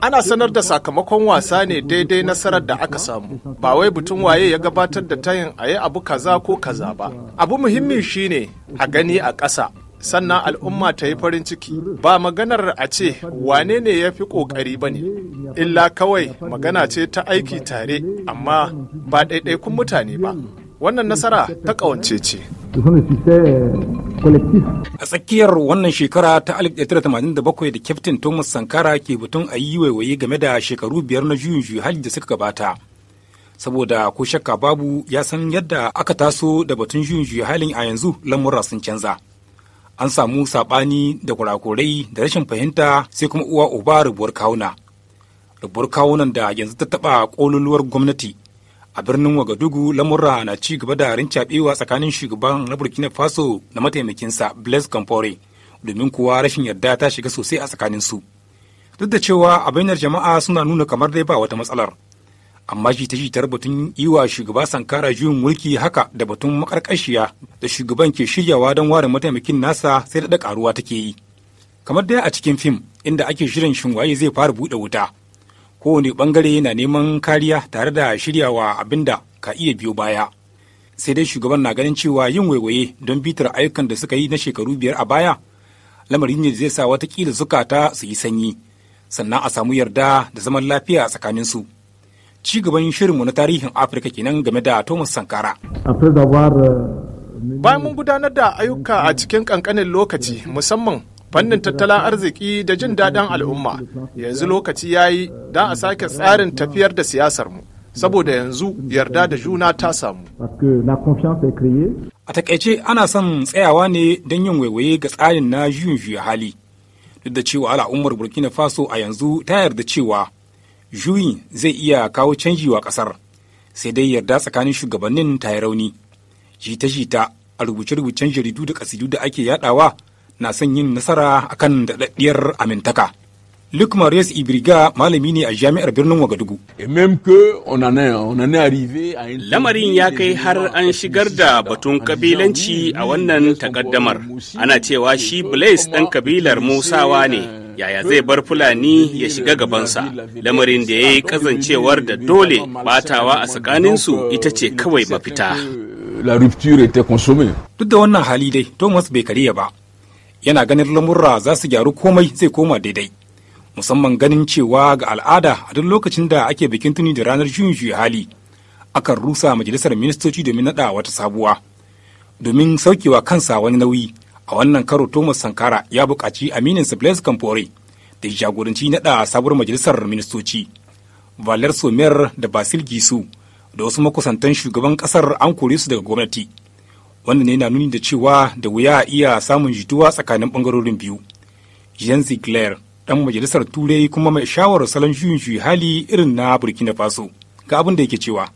Ana sanar da sakamakon wasa ne daidai nasarar da aka samu, ba wai butun waye ya gabatar da tayin a yi abu kaza ko kaza ba. Abu muhimmi shine a gani a ƙasa, sannan al'umma ta yi farin ciki. Ba maganar a ce wane ne ya fi ƙoƙari ba ne, illa kawai magana ce ta aiki tare, amma ba ɗaiɗaikun mutane ba. Wannan nasara ta ƙawance ce. A tsakiyar wannan shekara ta 1987 da Kyaftin Thomas Sankara ke batun a yi waiwaye game da shekaru biyar na juyin juyi hali da suka gabata. Saboda ko shakka babu ya san yadda aka taso da batun juyin juyi halin a yanzu lamura sun canza. An samu saɓani da kurakurai da rashin fahimta sai kuma uwa uba rubuwar kawuna. Rubuwar kawunan da yanzu ta taɓa ƙololuwar gwamnati a birnin wagadugu lamurra na ci gaba da rincaɓewa tsakanin shugaban na burkina faso na mataimakinsa blaise compaore domin kuwa rashin yarda ta shiga sosai a tsakanin su duk da cewa a bainar jama'a suna nuna kamar dai ba wata matsalar amma shi ta shitar batun yi wa shugaba sankara juyin mulki haka da batun makarkashiya da shugaban ke shiryawa don ware mataimakin nasa sai da karuwa take yi kamar dai a cikin fim inda ake shirin shinwaye zai fara buɗe wuta kowane bangare na neman kariya tare da shiryawa abin da ka iya biyo baya sai dai shugaban na ganin cewa yin waiwaye don bitar ayyukan da suka yi na shekaru biyar a baya lamarin ne zai sa watakila zukata su yi sanyi sannan a samu yarda da zaman lafiya a su ci gaban shirinmu na tarihin afirka kenan game da thomas sankara euh, bayan mun gudanar da ayyuka a cikin kankanin lokaci musamman fannin tattalin arziki da jin daɗin al'umma yanzu lokaci ya yi don a sake tsarin tafiyar da siyasarmu saboda yanzu yarda da juna ta samu a takaice ana son tsayawa ne don yin waiwaye ga tsarin na juyin juya hali duk da cewa al'ummar burkina faso a yanzu ta yarda cewa juyin zai iya kawo canji wa ƙasar sai dai yarda tsakanin shugabannin ta yi rauni jita-jita a rubuce-rubucen jaridu da kasidu da ake yadawa na son yin nasara a kan daɗaɗɗiyar amintaka. Luc Marius Ibriga malami ne a jami'ar birnin Wagadugu. Lamarin ya kai har an shigar da batun kabilanci a wannan takaddamar. Ana cewa shi Blaise ɗan kabilar Musawa ne. Euh, Yaya zai bar Fulani ya shiga gabansa, lamarin da ya yi kazancewar da dole batawa a tsakaninsu ita ce euh, kawai mafita. Duk da wannan hali dai, Thomas bai kariya ba, yana ganin lamurra za su gyaru komai zai koma daidai musamman ganin cewa ga al'ada a duk lokacin da ake bikin tuni da ranar juyin juya hali akan rusa majalisar ministoci domin naɗa wata sabuwa domin saukewa kansa wani nauyi a wannan karo thomas sankara ya buƙaci aminin blaise kamfore da jagoranci naɗa sabuwar majalisar ministoci valer somer da basil gisu da wasu makusantan shugaban ƙasar an kore su daga gwamnati wannan yana nuni da cewa da wuya a iya samun jituwa tsakanin bangarorin biyu jean ziegler dan majalisar turai kuma mai shawarar salon juyin juyi hali irin na burkina faso ga abin da yake cewa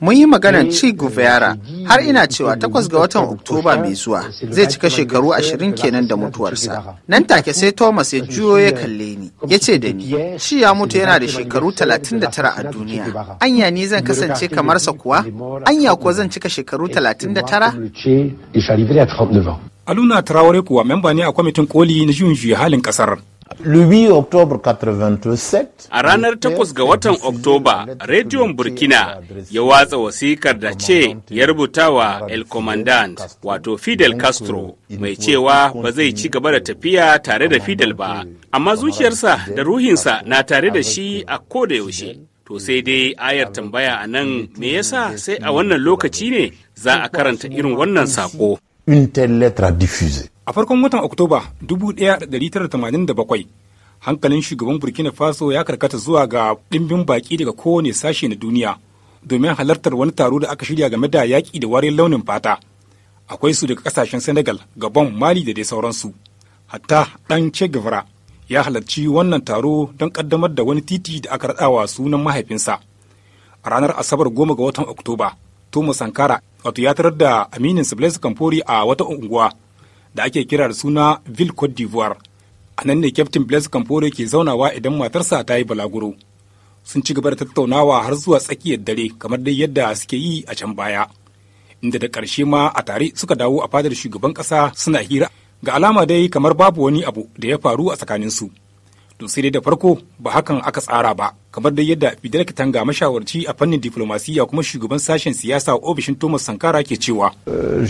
Mun yi maganar Che Guevara har ina cewa takwas ga watan Oktoba mai zuwa zai cika shekaru ashirin kenan da mutuwarsa. Nan take sai Thomas ya juyo ya kalle ni ya ce da ni shi ya mutu yana da shekaru talatin da tara a duniya. Anya ni zan kasance kamarsa kuwa? Anya kuwa zan cika shekaru talatin da tara? Aluna Traore kuwa memba ne a kwamitin koli na juyin halin kasar. Le 8 octobre 87 A ranar takwas ga watan Oktoba, rediyon Burkina ya watsa wasikar da ce ya rubuta wa El Commandant, wato Fidel Castro, mai cewa ba zai ci gaba da tafiya tare da Fidel ba, amma zuciyarsa da ruhinsa na tare da shi a koda yaushe. To sai dai ayar tambaya a nan me yasa sai a wannan lokaci ne za a karanta irin wannan saƙo une telle lettre a diffusé. A farkon watan Oktoba 1987, hankalin shugaban Burkina Faso ya karkata zuwa ga ɗimbin baƙi daga kowane sashe na duniya domin halartar wani taro da aka shirya game da yaƙi da wariyar launin fata. Akwai su daga ƙasashen Senegal, Gabon, Mali da dai sauransu. Hatta ɗan Che Guevara ya halarci wannan taro don ƙaddamar da wani titi da aka raɗawa sunan mahaifinsa. A ranar Asabar goma ga watan Oktoba, Thomas Sankara wato ya tarar da aminin Blaise Kamfori a wata unguwa da ake kira da suna Ville Cote d'Ivoire. A nan ne kyaftin Blaise Kamfori ke zaunawa idan matarsa ta yi balaguro. Sun ci gaba da tattaunawa har zuwa tsakiyar dare kamar dai yadda suke yi a can baya. Inda da ƙarshe ma a tare suka dawo a fadar shugaban ƙasa suna hira. Ga alama dai kamar babu wani abu da ya faru a tsakaninsu. su. to sai dai da farko ba hakan aka tsara ba kamar da yadda Fidel tanga mashawarci a fannin diplomasiya kuma shugaban sashen siyasa a ofishin Thomas Sankara ke cewa. Eh,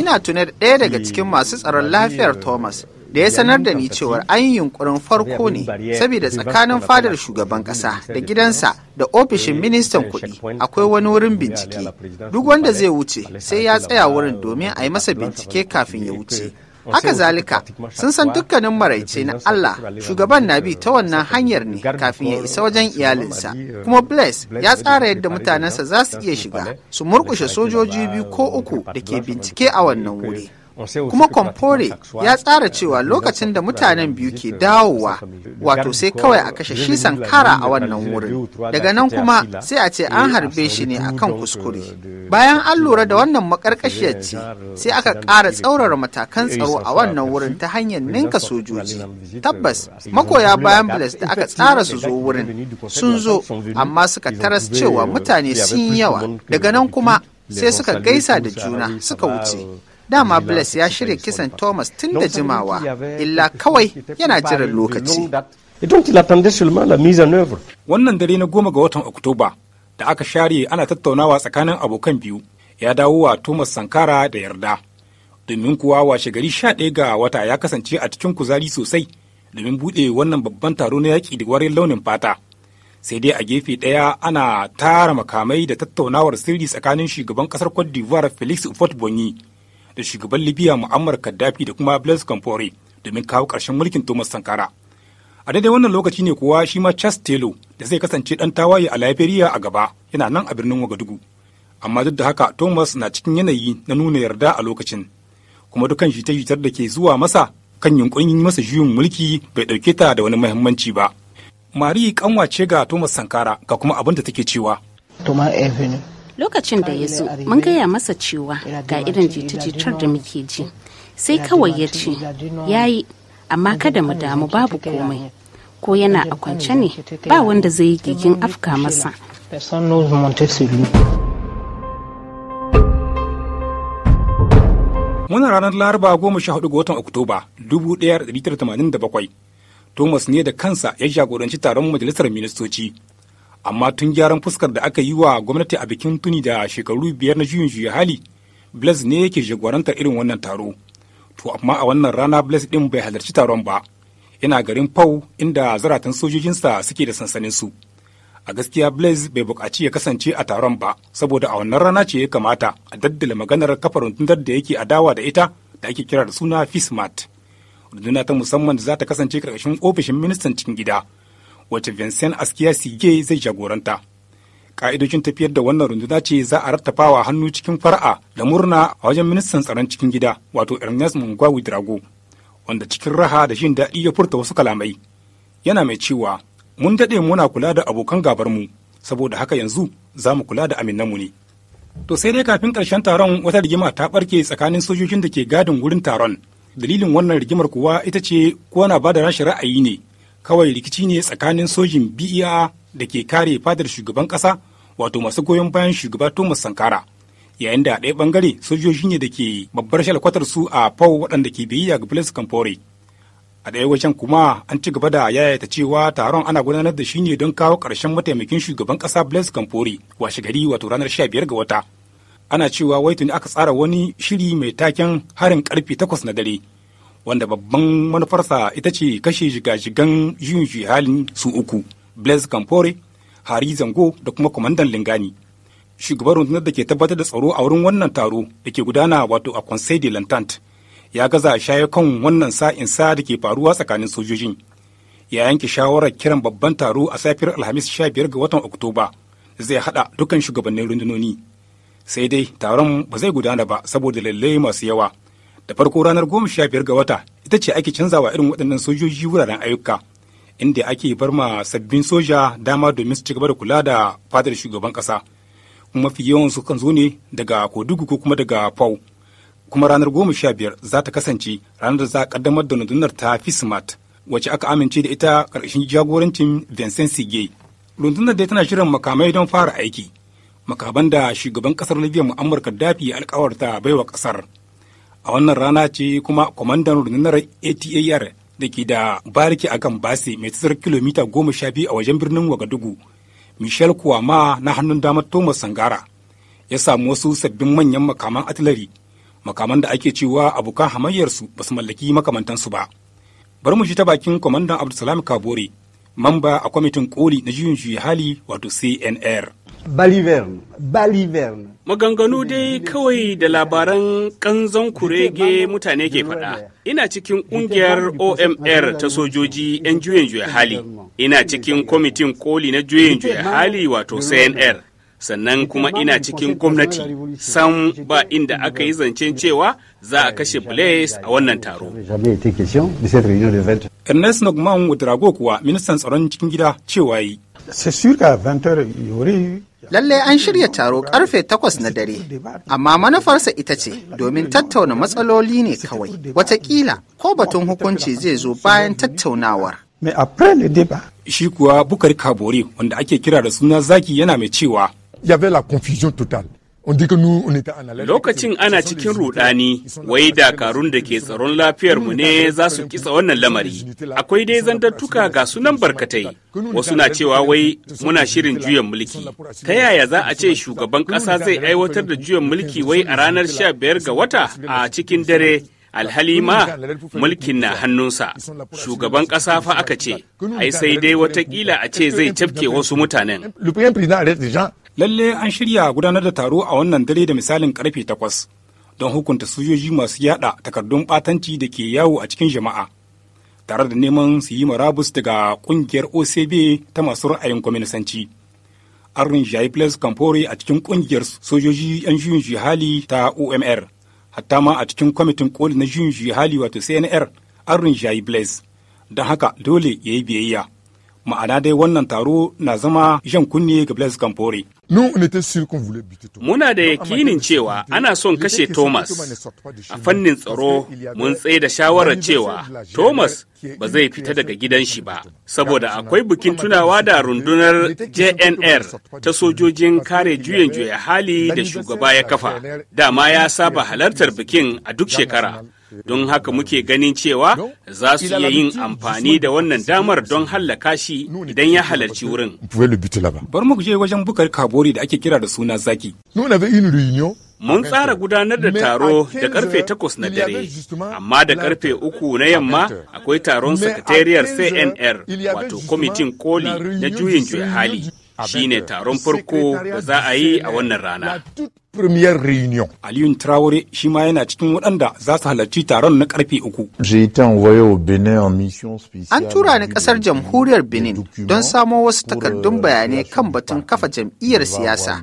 Ina tunar ɗaya daga cikin masu tsaron lafiyar euh, Thomas da ya sanar da ni cewa an yi yunkurin farko ne saboda tsakanin fadar shugaban kasa da gidansa da ofishin ministan kuɗi akwai wani wurin bincike duk wanda zai wuce sai ya tsaya wurin domin a yi masa bincike kafin ya wuce Haka zalika sun san dukkanin maraice na Allah shugaban na bi ta wannan hanyar ne kafin ya isa wajen iyalinsa. Eh, kuma Bless ya tsara yadda mutanensa za su iya shiga su murkushe sojoji biyu ko uku da ke bincike a wannan wuri. kuma Compore ya tsara uh, cewa lokacin da mutanen biyu ke dawowa wato sai kawai a kashe shi sankara a wannan wurin daga nan kuma sai a ce an eh, harbe shi ne akan uh, kuskure bayan an lura da uh, wannan makarkashiyar ce sai aka ƙara tsaurara matakan tsaro a wannan wurin ta hanyar ninka sojoji tabbas makoya bayan Bless da aka tsara su zo wurin sun zo amma suka taras cewa mutane sun yawa daga nan kuma sai suka gaisa da juna suka wuce dama Bless ya shirya kisan Thomas tun da jimawa, illa kawai yana jiran lokaci. Wannan dare na goma ga watan Oktoba da aka share ana tattaunawa tsakanin abokan biyu ya dawo wa Thomas Sankara da yarda. Domin kuwa washe gari sha ɗaya ga wata ya kasance a cikin kuzari sosai domin buɗe wannan babban taro na yaƙi da warin launin fata. sai dai a gefe ɗaya ana tara makamai da tattaunawar sirri tsakanin shugaban ƙasar Cote d'Ivoire Felix Ufot Bonyi da shugaban libya muammar kaddafi da kuma blaise compaore domin kawo ƙarshen mulkin thomas sankara a daidai wannan lokaci ne kuwa shi ma charles telo da zai kasance ɗan tawaye a liberia a gaba yana nan a birnin wagadugu amma duk da haka thomas na cikin yanayi na nuna yarda a lokacin kuma dukan jita-jitar da ke zuwa masa kan yunkurin yi masa juyin mulki bai ɗauke ta da wani mahimmanci ba. Mari ce ga Thomas Sankara ga kuma abin da take cewa. Thomas Avenue lokacin da ya zo mun gaya masa cewa ga irin jita-jitar da muke ji sai kawai ya ce ya yi amma kada mu damu babu komai ko yana a kwance ne ba wanda zai yi gigin afka masa muna ranar laraba goma sha hudu ga watan oktoba 1987 thomas ne da kansa ya jagoranci taron majalisar ministoci amma tun gyaran fuskar da aka yi wa gwamnati a bikin tuni da shekaru biyar na juyin juya hali blaise ne yake jagorantar irin wannan taro to amma a wannan rana blaise din bai halarci taron ba yana garin pau inda zaratan sojojinsa suke da sansanin su a gaskiya blaise bai bukaci ya kasance a taron ba saboda a wannan rana ce ya kamata a daddala maganar kafar rundunar da yake adawa da ita da ake kira da suna fismat runduna ta musamman da za ta kasance ƙarƙashin ofishin ministan cikin gida wacce Vincent Askiya Sige zai jagoranta. Ka'idojin tafiyar da wannan runduna ce za a rattafawa hannu cikin fara'a da murna a wajen ministan tsaron cikin gida wato Ernest Mungwawi Drago, wanda cikin raha da jin daɗi ya furta wasu kalamai. Yana mai cewa, mun daɗe muna kula da abokan gabarmu, saboda haka yanzu za mu kula da mu ne. To sai dai kafin ƙarshen taron wata rigima ta ɓarke tsakanin sojojin da ke gadin wurin taron. Dalilin wannan rigimar kuwa ita ce ko na bada da rashin ra'ayi ne kawai rikici ne tsakanin sojin BER da ke kare fadar shugaban kasa wato masu goyon bayan shugaba Thomas Sankara. Yayin da ɗaya ɓangare sojoji ne da ke babbar shalkwatar su a Pau waɗanda ke biyayya ga Blaise Compaore. A ɗaya wajen kuma an ci gaba da yayata cewa taron ana gudanar da shi ne don kawo ƙarshen mataimakin shugaban ƙasa Blaise Compaore washe gari wato ranar 15 ga wata. Ana cewa wai tuni aka tsara wani shiri mai taken harin ƙarfe 8 na dare. wanda babban manufarsa ita ce kashe shiga-shigan yin halin su uku blaise campore hari zango da kuma kwamandan lingani shugaban rundunar da ke tabbatar da tsaro a wurin wannan taro da ke gudana wato a conseil de l'entente ya gaza shayakan kan wannan sa'in sa da ke faruwa tsakanin sojojin ya yanke shawarar kiran babban taro a safiyar alhamis 15 ga watan oktoba zai hada dukkan shugabannin rundunoni sai dai taron ba zai gudana ba saboda lallai masu yawa da farko ranar goma sha biyar ga wata ita ce ake canzawa irin waɗannan sojoji wuraren ayyuka inda ake bar ma sabbin soja dama domin su ci gaba da kula da fadar shugaban ƙasa kuma mafi yawan su kan zo ne daga kodugu ko kuma daga pau kuma ranar goma sha biyar za ta kasance ranar da za a kaddamar da rundunar ta fismat wacce aka amince da ita ƙarshen jagorancin vincent sige rundunar dai tana shirin makamai don fara aiki makaban da shugaban ƙasar libya mu'ammar kaddafi ya alkawarta baiwa ƙasar a wannan rana ce kuma kwamandan rundunar atar da ke da bariki a kan base mai tsar kilomita goma sha biyu a wajen birnin wagadugu michel kuwama na hannun damar thomas sangara ya samu wasu sabbin manyan makaman atilari makaman da ake cewa abokan hamayyarsu ba su mallaki makamantansu ba bari mu shi ta bakin kwamandan abdulsalam kabore mamba a kwamitin koli na juyin hali wato cnr Balivern. Balivern. Maganganu dai kawai da labaran kanzon kurege mutane ke faɗa. Ina cikin ƙungiyar OMR ta sojoji 'yan juyen juya hali. Ina cikin kwamitin koli na juyen juya hali wato CNR. Sannan kuma ina cikin gwamnati sam ba inda aka yi zancen cewa za a kashe Blaise a wannan taro. Ernest Nogman Wadrago kuwa ministan tsaron cikin gida cewa yi. Lallai an shirya taro karfe takwas na dare, amma manufarsa ita ce domin tattauna matsaloli ne kawai, watakila ko batun hukunci zai zo bayan tattaunawar. Shi kuwa Bukari Kabori wanda ake kira da suna zaki yana mai cewa. Il la confusion totale. Lokacin ana cikin rudani, wai dakarun da ke tsaron lafiyar mu ne za su kitsa wannan lamari. Akwai dai zantattuka ga sunan barkatai, wasu na cewa wai muna shirin juyan mulki. Ta yaya za a ce shugaban ƙasa zai aiwatar da juyan mulki wai a ranar sha biyar ga wata a cikin dare alhali ma mulkin na hannunsa shugaban ƙasa fa aka ce ai sai dai watakila a ce zai cafke wasu mutanen Lalle an shirya gudanar da taro a wannan dare da misalin karfe takwas don hukunta sojoji masu yada takardun batanci da ke yawo a cikin jama'a tare da neman su yi marabus daga kungiyar OCB ta masu ra'ayin kwaminisanci. Arun plus Kamfore a cikin kungiyar sojoji 'yan juyin jihali ta OMR, hatta ma a cikin kwamitin koli na juyin jihali wato CNR, Arun Jaiples. Don haka dole ya yi biyayya. ma'ana dai wannan taro na zama jan kunne ga Blaise Compaore. Muna da yakinin cewa ana son kashe Thomas. A fannin tsaro mun tsaye da shawarar cewa Thomas ba zai fita daga gidan shi ba, saboda akwai bikin tunawa da rundunar JNR ta sojojin kare juyin juya hali da shugaba ya kafa. Dama ya saba halartar bikin a duk shekara. don haka muke ganin cewa za su iya yin amfani da wannan damar don hallaka shi idan ya halarci wurin. Bar mu je wajen bukar kabori da ake kira da suna zaki. Mun tsara gudanar da taro da karfe takwas na dare, amma da karfe uku na yamma akwai taron sakatariyar CNR wato kwamitin koli na juyin juya hali. shine taron farko da za a yi a wannan rana. Aliyun Traore shi ma yana cikin waɗanda za su halarci taron na karfe uku. An tura ni ƙasar jamhuriyar Benin don samo wasu takardun bayanai kan batun kafa jam'iyyar siyasa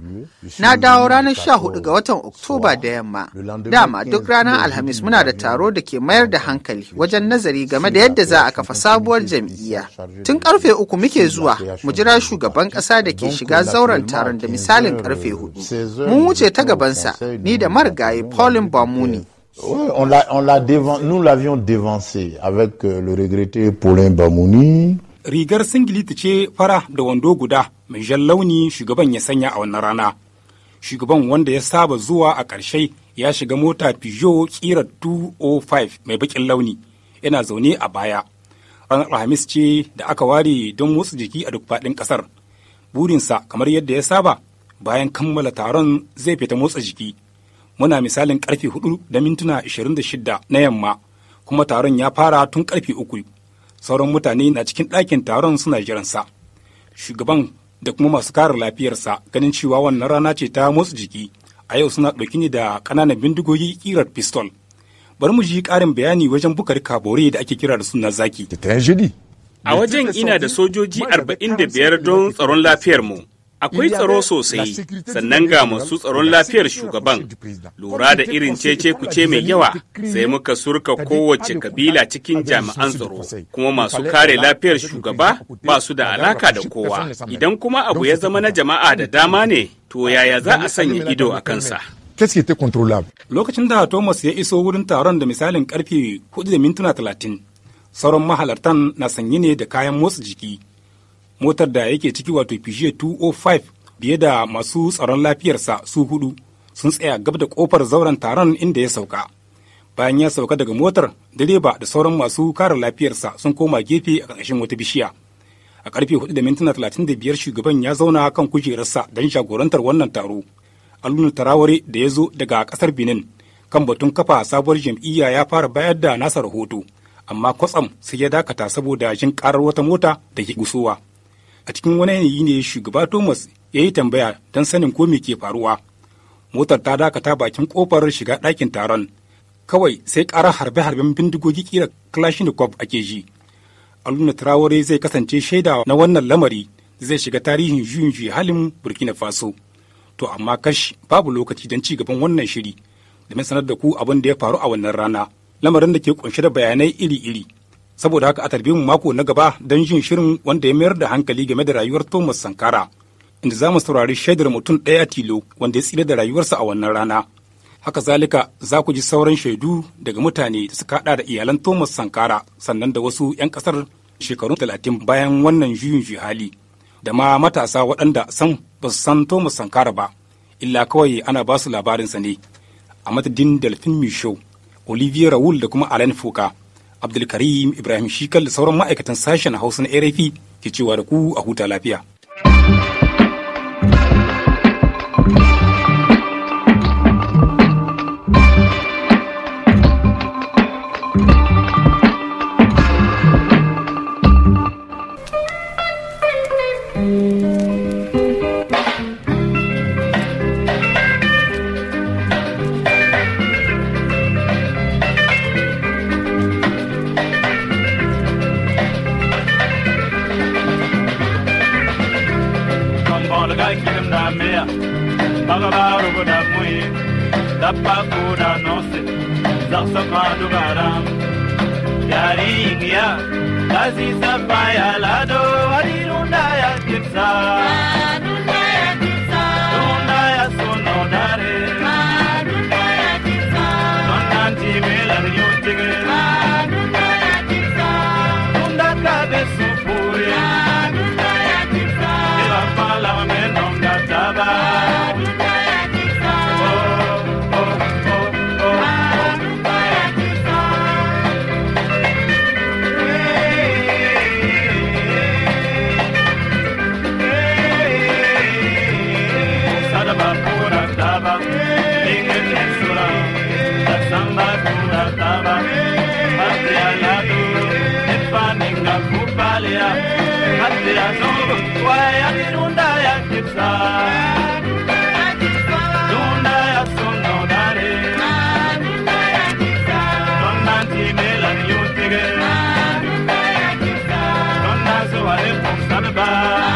Na dawo ranar sha hudu ga watan Oktoba da yamma. Dama duk ranar Alhamis muna da taro da ke mayar da hankali wajen nazari game da yadda za a kafa sabuwar jam'iyya. Tun karfe uku muke zuwa mu jira shugaban ƙasa da ke shiga zauren taron da misalin karfe hudu. Mun wuce ta gabansa ni da marigayi Paulin Bamuni. Oui, on l'a, nous avec euh, le regretté Paulin Bamouni, rigar singiliti ce fara da wando guda mai jan launi shugaban ya sanya a wannan rana. Shugaban wanda ya saba zuwa a ƙarshe ya shiga mota Peugeot ƙira 205 mai baƙin launi, yana zaune a baya. Ranar Alhamis ce da aka ware don motsa jiki a duk faɗin ƙasar. Burinsa kamar yadda ya saba bayan kammala taron zai fita motsa jiki. Muna misalin ƙarfe 4 da mintuna 26 na yamma, kuma taron ya fara tun ƙarfe 3. sauran mutane na cikin ɗakin taron suna jiransa shugaban da kuma masu kare lafiyarsa ganin cewa wannan rana ce ta motsa jiki a yau suna ɗauki ne da ƙananan bindigogi ƙirar pistol bari mu ji ƙarin bayani wajen bukari kabore da ake kira da suna zaki a wajen ina da sojoji arba'in da biyar don tsaron lafiyarmu Akwai tsaro sosai sannan ga masu tsaron lafiyar shugaban lura da irin cece kuce mai yawa sai muka surka kowace kabila cikin jami'an tsaro kuma masu kare lafiyar shugaba ba su da alaka da kowa idan kuma abu ya zama na jama'a da dama ne to yaya za a sanya ido a kansa. Lokacin da Thomas ya iso wurin taron da misalin karfe 4 da mintuna 30 sauran mahalartan na sanye ne da kayan motsa jiki motar da yake ciki wato Peugeot 205 biye da masu tsaron lafiyarsa su hudu sun tsaya gab da kofar zauren taron inda ya sauka. Bayan ya sauka daga motar, direba da sauran masu kare lafiyarsa sun koma gefe a ƙarƙashin wata bishiya. A ƙarfe 4 da mintuna 35 shugaban ya zauna kan kujerarsa don jagorantar wannan taro. allunan Taraware da ya zo daga ƙasar Benin kan batun kafa sabuwar jam'iyya ya fara bayar da nasa rahoto, amma kwatsam sai ya dakata saboda jin karar wata mota da ke gusowa. a cikin wani yanayi ne shugaba thomas ya yi tambaya don sanin ko me ke faruwa motar ta dakata bakin kofar shiga ɗakin taron kawai sai ƙara harbe-harben bindigogi kira kalashnikov ake ji aluna traore zai kasance shaida na wannan lamari zai shiga tarihin juyin juyi halin burkina faso to amma kash babu lokaci don ci gaban wannan shiri domin sanar da ku abin da ya faru a wannan rana lamarin da ke kunshe da bayanai iri-iri saboda haka a tarbe mu mako na gaba don jin shirin wanda ya mayar da hankali game da rayuwar Thomas Sankara inda za mu saurari shaidar mutum ɗaya a tilo wanda ya tsira da rayuwarsa a wannan rana. Haka zalika za ku ji sauran shaidu daga mutane da suka haɗa da iyalan Thomas Sankara sannan da wasu 'yan ƙasar shekaru talatin bayan wannan juyin hali da ma matasa waɗanda san ba su san Thomas Sankara ba illa kawai ana ba su labarinsa ne a madadin Delphine Michaud, Olivier Raoul da kuma Alain Foucault. Abdulkarim Ibrahim Shikal da sauran ma'aikatan sashen Hausa na RFI ke cewa da ku a huta lafiya. mɔl ka kilim daa meya pagabaarobu da muyi dabba kuu daa nɔɣisi zaɣisa maa dugaaram ka ya kpibsaa bar.